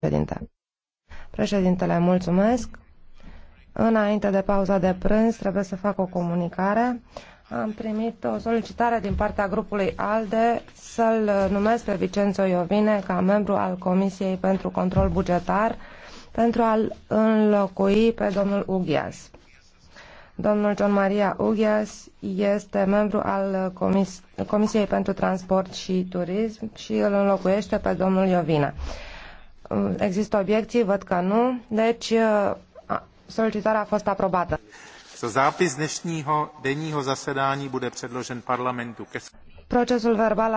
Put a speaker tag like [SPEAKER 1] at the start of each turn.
[SPEAKER 1] președinte. Președintele, mulțumesc. Înainte de pauza de prânz, trebuie să fac o comunicare. Am primit o solicitare din partea grupului ALDE să-l numesc pe Vicenzo Iovine ca membru al Comisiei pentru Control Bugetar pentru a-l înlocui pe domnul Ughias. Domnul John Maria Ughias este membru al Comis Comisiei pentru Transport și Turism și îl înlocuiește pe domnul Iovine. Mm, există obiecții? Văd că nu. Deci, uh, solicitarea a fost aprobată.
[SPEAKER 2] Zápis dnešního denního zasedání bude předložen parlamentu.
[SPEAKER 1] Procesul
[SPEAKER 3] verbal